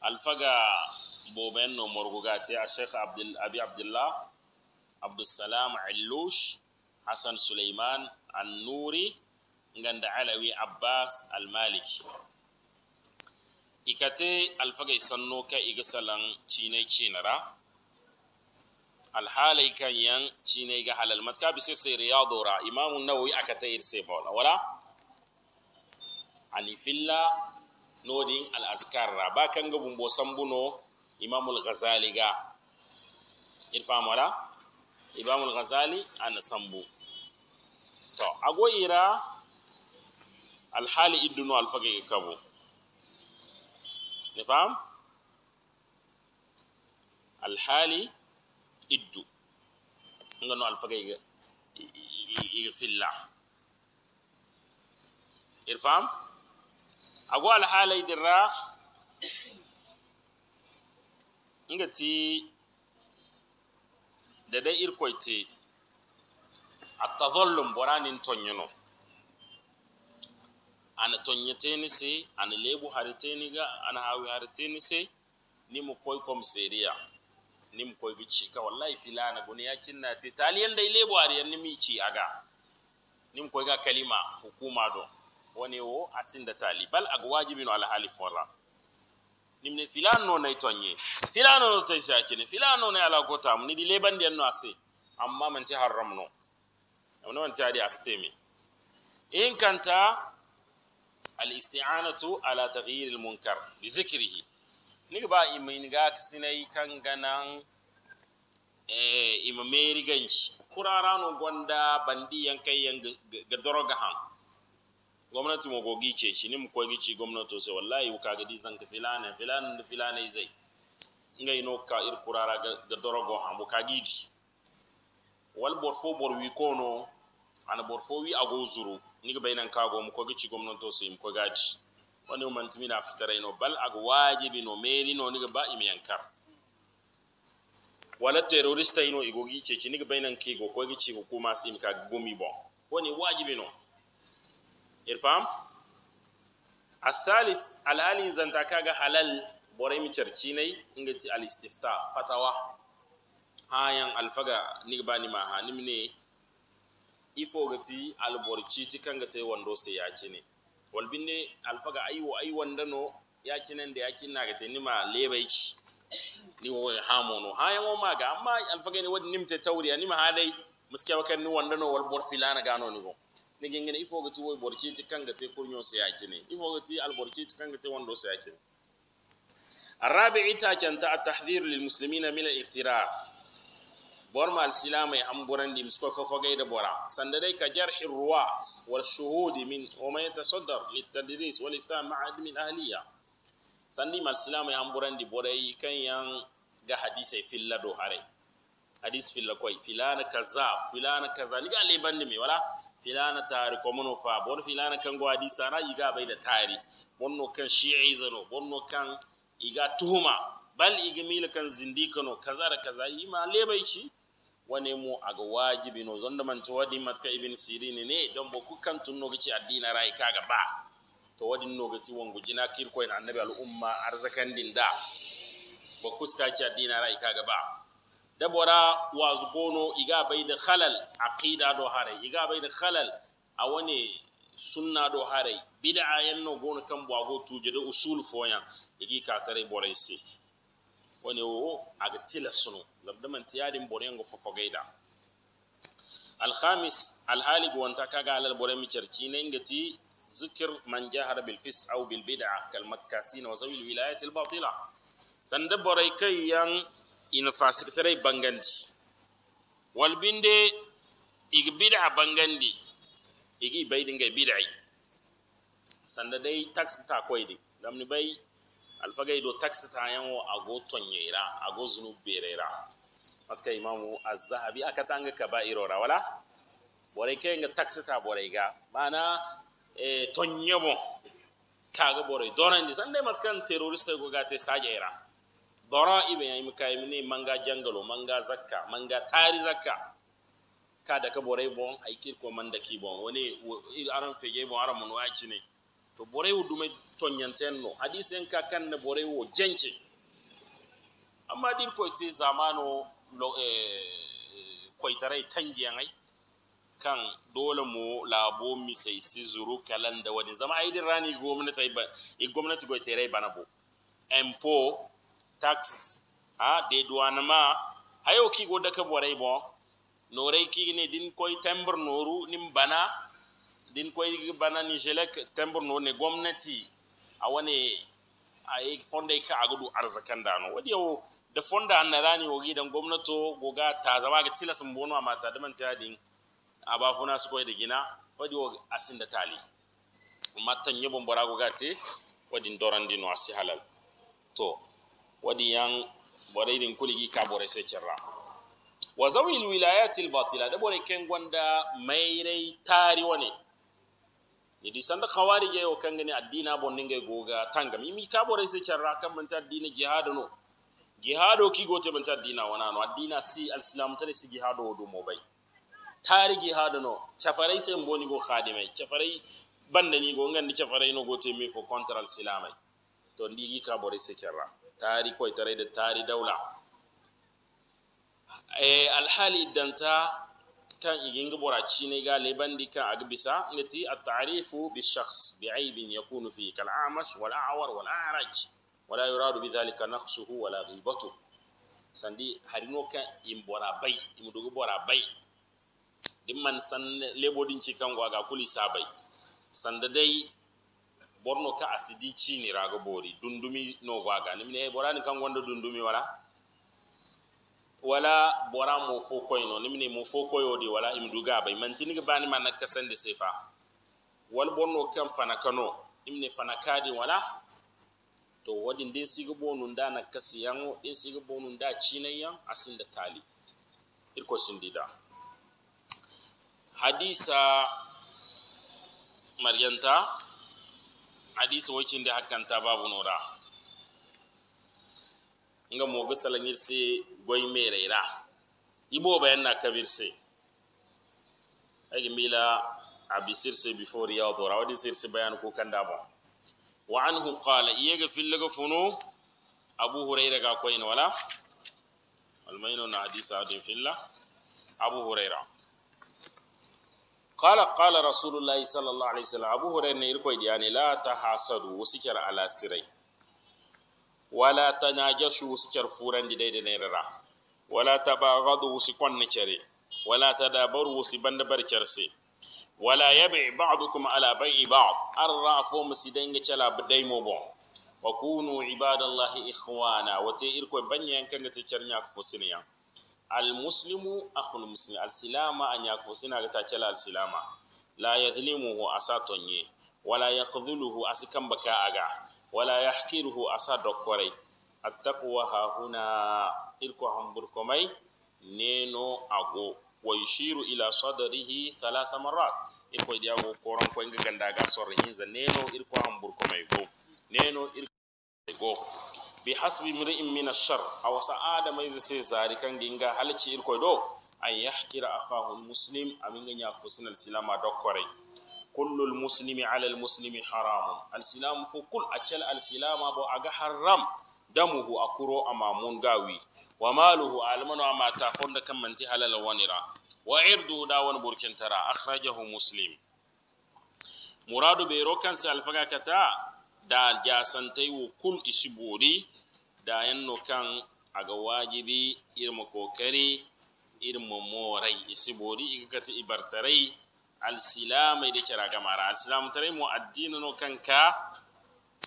alfaga بوبن ومرغوغاتي الشيخ عبد أبي عبد الله عبد السلام علوش حسن سليمان النوري غند علوي عباس almaliki ikate alfaga isanno ka iga salan cinai cinara alhalai kan yan cinai ga halal matka bisir sai riyadora imamun nawawi aka ta irse bola wala ani filla nodin al-azkar ra ba kan ga bumbo sambuno imamu al-ghazali ga irfam wala imam al-ghazali ana sambu to ago ira alhali idunu alfage kabu ne fam alhali iddu ngano alfage filla irfam ago alhala idirra nga ti da dai ti atadhallum boranin tonyino ana ni se ana lebu hariteni ga ana hawi hariteni se ni mu koy kom seriya ni mu koy bichi ka wallahi filana goni yakin na ti taliyan dai lebu hariyan ni mi ci aga ni mu koy ga kalima hukuma do wani wo asinda tali bal agwajibin ala hali fora nimne filan no nay nye filano no tay sakine filano ne ala gotam niɗi lebandi en no ase amma manti haram no amno manti aɗi astemi in kanta al isti'anatu ala taghyir al munkar bi zikrihi niga ba inga kisinay kanganan e eh, ima meri ganci kurarano gonda bandi yankai yang gadoro gahan gwamnati mu gogi ce ni mu kogi ci to sai wallahi ka ga dizan ka filana filana da filana zai ngai no ka ir kurara ga dorogo ha mu ka gidi wal borfo bor wi kono ana borfo wi ago zuru ni ga bainan ka go mu kogi ci to sai mu kogaci wani man timi na fitara ino bal ag wajibi no meri no ni ga ba imi yankar wala terrorista ino igogi ce ni ga bainan ke go kogi ci hukuma sai mu ka gumi bon wani wajibi no irfam asalis alhalin zanta kaga halal bore mi carci nai inga ti alistifta fatawa hayan alfaga ni ba ni ma ha ni ne ifo ga ti alborci ti kanga te wando sai ya ci ne walbinne alfaga aiwo ai wanda no ya ci nan da ya ci na ga tai ni ma lebai ki ni wo hamo no hayan wo ma ga amma alfaga ne wadi nimte tawri ni ma halai muske wakan ni wanda no walbor filana gano ni go ni ngi ngene ifo gati woy borki ti kanga te ko nyo se yake ne ifo gati al borki ti kanga te wando se yake arabi ita kan ta at tahdhir lil muslimina min al iftira bor mal silama am borandi misko fo fo gayde bora sandare ka jarh ar wal shuhud min wa ma yatasaddar lit tadris wal iftah ma ad min ahliya sandi mal silama am borandi boray kan yang ga hadisi fillado hare hadis fillako fi filana kaza filana kaza ni ga le bandi mi wala filana tari komono fa bon filana kan gwadi sana iga bai da tari bonno kan shi'i zano bonno kan iga tuhuma bal igmil kan zindikano kaza da kaza ima lebai ci wane mu aga wajibi no zonda man to wadi matka ibn sirini ne don boku kan tun no gici addina rai kaga ba to wadin no gati wangu jina kirko in annabi al umma arzakan dinda boku ska ci addina rai kaga ba dabora wazgono iga da halal aqida ɗo haray iga da halal a wone sunna ɗo haray bida yanno gono kam wago tujede usul foya igi katare boray se wani o aga tila suno zabdamanti yadin borengo fofogayda alhamis alhalig wanta kaga alal boremi cercinengeti zikir man jahara bilfisk au bilbida kalmakkasina wa zawi lwilayati albatila sande boray kay yan infrastructure bangandi walbinde ig bid'a bangandi igi baydinga yi sanda dai tax ta di damni bay alfagay do tax ta yanwo ago tonyeira ago zunu berera matka imamu az-zahabi akatanga kaba'iro wala boray kenga tax ta boray ga mana e tonyemo kaga boray donandi sanda matkan terrorist go gate sajera yayi muka yi ne manga jangalo manga zakka manga tari zakka da ka borai bon ay ko man da ki bon il aran fege bon aran mun waci ne to borai wu dume tonyanten no hadisen ka kan ne borai wu jenje amma dir ko ti zamano lo e eh, ko itarai tangi ngai kan dole mu labo mi sai si zuru kalanda wani zama ai din rani gwamnati ba gwamnati go tere bana bo empo tax a de duwana ma hayo ki go daka boray bon noray ki ne din koy timbre noru nim bana din koy bana ni jelek timbre no ne gomnati a wane a yi e fonda ka a gudu arzakan no wadi yau da fonda an rani wogi dan gwamnato goga ta zama ga tilas mbono a ta da manta din a funa su koy da gina wadi wogi asin da tali matan yabon bara goga te wadin doran dino asi halal to wani yan borai kuligi ka bore sai kira wa zawil wilayati al batila da bore ken gonda Mairai tari wani ni di da khawari ge o kangani addina bonninge goga tanga mimi ka bore sai kira kan ta addina jihad no jihado ki gote ta addina wana no addina si alislam tare si jihado do mobai tari jihado no chafarai sai mboni go khadimai chafarai bandani ni go ngandi chafarai no te me fo contra al islamai to ndigi ka bore sai kira Tari taari da tari daula e eh, alhaali danta kan iginga bora cine ga lebandi kan aga bisa ngati attarifu bishakhs biaibin yakunu fi kalamash wal awar wal araj wala yuradu bidhalika naqsuhu wala ghibatuh sandi harino kan imbora bay imudugo bora bai. dimman san lebodin cikan go aga kuli sabai sanda dai borno ka asidi chini rago bori dundumi no gwaga ni eh, bora ni kan gondo dundumi wala wala bora mo ino ni nimine mo foko koyo di wala imduga bay mantini ni bani man kasande sefa wal borno kan fana kano nimine fana kadi wala to wadi din sigo bonu da na kasiyan din siga bonun da cinayan yan asinda tali tirko sindida hadisa Marianta, hadisi wakin da ta babu nora nga mogu salangir se goy ira ibo na kabir se agi mila abisir se before dora wadi sir se bayan ko kanda ba wa anhu qala iyaga fillaga funu abu hurayra ga koyin wala almayno na hadisa de filla abu hurayra قال قال رسول الله صلى الله عليه وسلم أبو هريرة يقول يعني لا تحاسدوا وسكر على سري ولا تناجشوا وسكر فوران دي دي نيرا ولا تباغضوا وسكون نكري ولا تدابروا وسبن بركرسي ولا يبيع بعضكم على بيع بعض الرافو مسيدين كلا بديمو بون وكونوا عباد الله إخوانا وتيركو بنيان كانت تشرنياك فسنيان almuslimu akhul muslim alsilama anyakfosina agata cala alsilama la yadhlimuhu asa toñe wala yakhdhuluhu asi kambaka aga wala yahkiruhu asa dokkorey attaqwa hahuna irko hamburko may neno ago ويشير ila صدره ثلاث marat إلكو يدياغو كوران كوين غندا غا neno هينزا نينو إلكو أمبور كوميغو نينو إلكو bi hasbi mri'in min ash-shar aw sa'ada mai zai zari kan ginga halci irko do an yahkira akahu muslim amin ganya fusnal silama dokkore kullu muslimi ala muslimi haram al-silamu fu kul acal al-silama bo aga haram damuhu a amamun gawi wa maluhu almanu amata fonda kan manti halal wanira wa irdu da wani burkin tara akhrajahu muslim muradu bai rokan alfaga kata da jasantai wa kul isi no kan aga wajibi irma kokari irma morai isi bori iga kati ibartarai alsilamai da kira gamara alsilamu tarai mu addini no kanka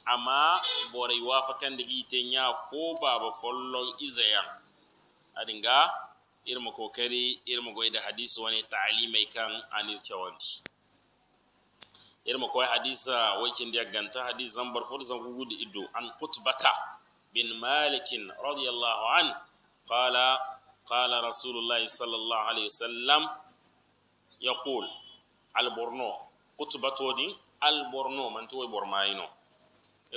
amma borai wafa kan da ya fo baba follon izayan adinga irma kokari irma goyi da hadisi wani ta'alimai kan anil kyawanci irma koyi hadisa wakin da ganta hadisan barfor zan gugu da ido an kutbata بن مالك رضي الله عنه قال قال رسول الله صلى الله عليه وسلم يقول البرنو قطبة ودي البرنو من توي برماينو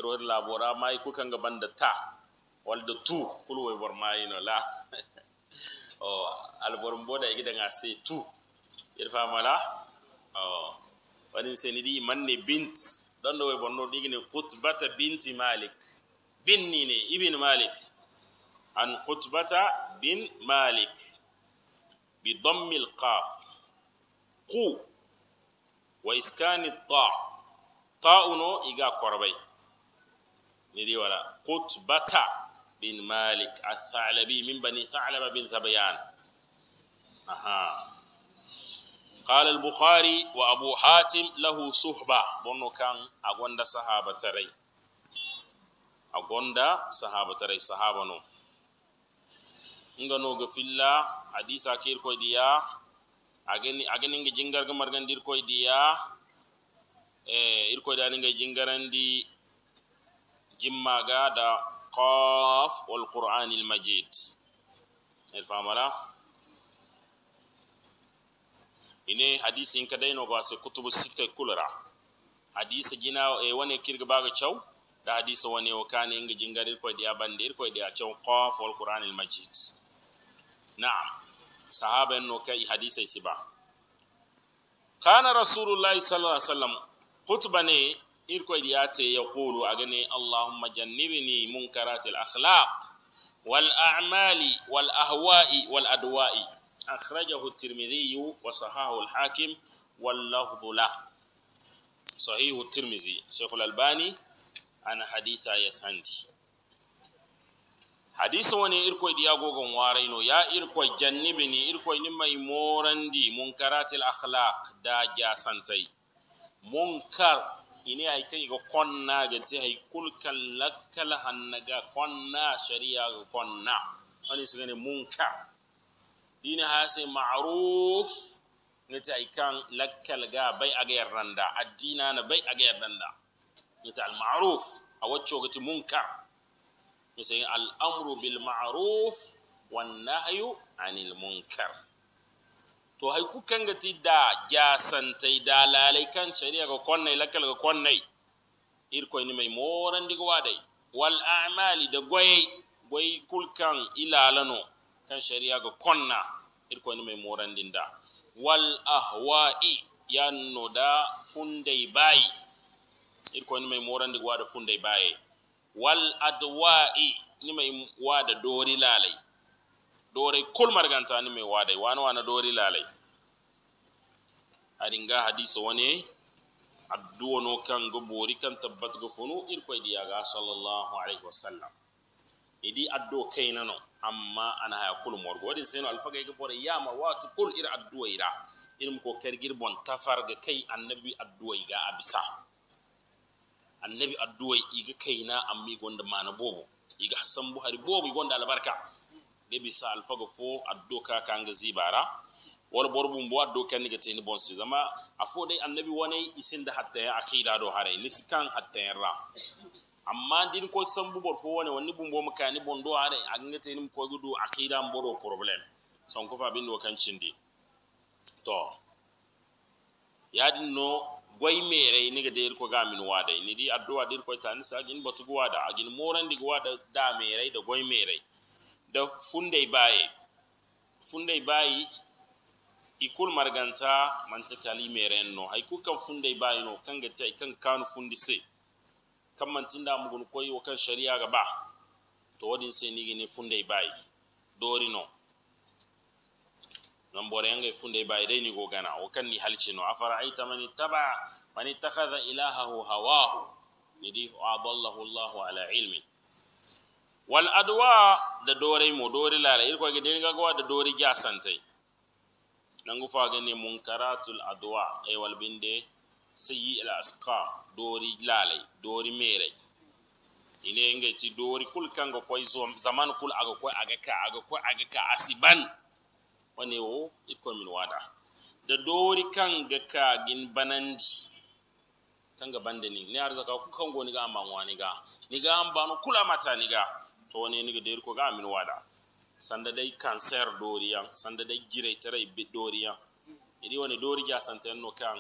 إرو إرلا برا ما يكون كان بند تا والد تو كل وي برماينو لا أو البرم بودا يجي دعاه سي تو يرفع ملا أو ولكن سندي من بنت دون وي برنو ديجني نقطبة بنت مالك bin ni ne ibn malik an qutbata bin malik bi dhammi alqaf qu wa iskani ta ta'uno iga korbai ni di wala qutbata bin malik athalabi min bani thalaba bin thabayan aha قال البخاري وأبو حاتم له صحبة بنو كان أغنى صحابة ري a gonda tare sahaba no ga filla hadisa kir koy diya ageni ageni nge jingar ga margandir koy diya e ir koy dani nge jingarandi jimmaga da qaf wal al majid el famala ine hadisi in kadai no gase kutubu sita kulara. hadisi gina e eh, wane kirga baga chaw da hadisa wani o kani inga jingar irko da bande irko cewa qaf wal al majid na'am sahaba no kai hadisa siba kana rasulullahi sallallahu alaihi wasallam khutba ne irko ya ta a agane allahumma jannibni munkarat al akhlaq wal a'mali wal ahwa'i wal adwa'i akhrajahu at-tirmidhi wa sahahu al-hakim wal lafdhu lahu صحيح الترمذي شيخ الألباني an haditha yasanti hadisa woni irkoye ɗiyagogon warayno ya irkoye jannibi ni irkoye mai morandi munkaratil akhlaq, da jasantay munkar ine kai kan konna ga te hay kulkal lakkal hannaga konna shari'a ga konna ani sogene munkar ɗine hase maruf ngete ta ikan lakkal ga bai aga addina na bai aga yarranda mita al-ma'ruf a wacce wakati munkar misayin al'amru bil ma'ruf wan nahyu anil munkar to haikukan ku kangati da jasantai da lalai kan shari'a ga konnai lakal ga konnai irkoy ni mai moran diga wadai wal a'mali da gwai, gwai kulkan ilalano kan shari'a ga konna irkoy ni mai moran dinda wal ahwa'i yanno da fundai bayi irko ni mai morandi wada funde baye wal adwa'i ni mai wada dori lalai dore kul marganta ni mai wada wani wani dori lalai ga hadisi wani addu'a no kan go bori kan tabbat go funu irko aga sallallahu alaihi wasallam idi addo kaina no amma ana ha kul morgo wadin seno alfaga ga bore yama wati kul ir addu'a ira ilmu ko kergir bon tafarga kai annabi addu'a ga abisa annabi adduwa iga kaina ammi gonda mana bobo iga hasan buhari bobo gonda albarka de bisa alfaga fo ka kanga zibara wala bo mbo kan ni gate bon si zama afo dai annabi wani isinda hatta ya akida do hare niskan hatta ra amma din ko san bu borfo wani wani bumbo makani bondo hare angate ni ko gudu akida mboro problem son ko fa bin do kan di to ya no goy mere ni ga der ko gamin wada ni di addu'a dir ko tani sa gin botu wada agin moran di wada da mere da goy mere da funde baye funde baye ikul marganta manta kali mere no ay ku kan funde baye no kan ga tai kan kanu fundi se kan mantin da mugun koyi wa kan shari'a ga ba to wadin sai ni gine funde baye dori no non bore yanga funde bayde ni go gana o kanni mani taba, man ittaba man ittakhadha ilahahu hawahu nidi adallahu allah ala ilmi wal adwa da dore mo dore lala ko ge ga go da dore ja santai nangu faga ne munkaratul adwa e wal binde sayyi al asqa dori lala dori mere ine nge ti dori kul kango ko zaman kul aga ko aga ka aga ko aga ka asiban wane wo ikon min wada da dori kan ga kagin banandi kan ga banda ni ne arzaka ku kan goni ga amban wani ga ni ga amban kula mata ni ga to wani ni ga deri ko ga min wada sanda dai cancer doriyan sanda dai gire tare bi yan idi wani dori ga santa no kan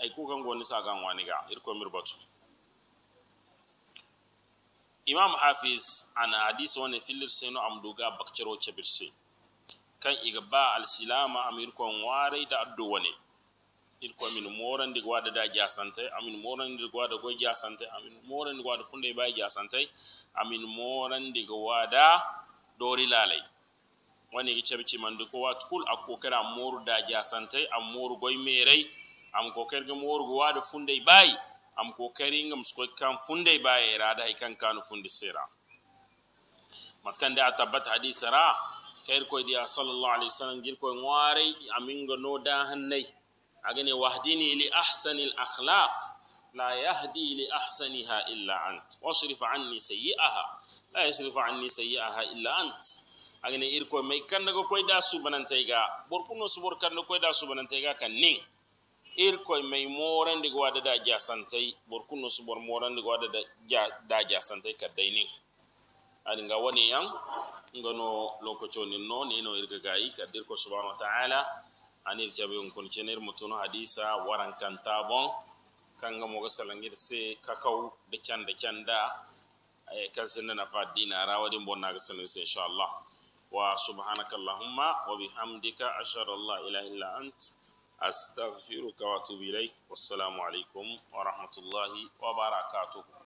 ai ku kan goni sa gan wani ga irko mir batu imam hafiz ana hadis wani filir no amduga bakcero cebirse kan iga ba alsilama amir kon warai da addo wane il ko min moran di gwada da jasante amin moran di gwada go jasante amin moran di gwada funde ba jasante amin moran di gwada dori lalai wani ki cebe man di ko wat kul akko kera moru da jasante am moru goy merai. am ko kerge moru go wada funde bai am ko keri ngam sko kan funde bai rada ay kan kanu funde sera matkan da tabbata hadisi ra kayir koy diya sallallahu alaihi wasallam gir koy ngwari amingo no da hannai agane wahdini li ahsani al akhlaq la yahdi li ahsaniha illa ant wasrif anni sayyi'aha la yasrif anni sayyi'aha illa ant agane ir koy mai kanda go koy da subanantay ga borkuno subor kanda koy da subanantay ga kan nin ir koy mai morandi go wada da jasantay borkuno subor morandi go wada da jasantay kadai nin adinga wani yan ngano lokaconin no nino gayi, kaddir ko subhanahu wa ta'ala anir jabe on kon chenir mutuno hadisa waran kanta bon kanga mogo salangir se kakaw de chande chanda e kan na nafa rawadi bonna bonnaga salin se inshallah wa subhanaka allahumma wa bihamdika ashhadu an la ilaha illa ant astaghfiruka wa atubu ilaik wassalamu alaikum wa rahmatullahi wa barakatuh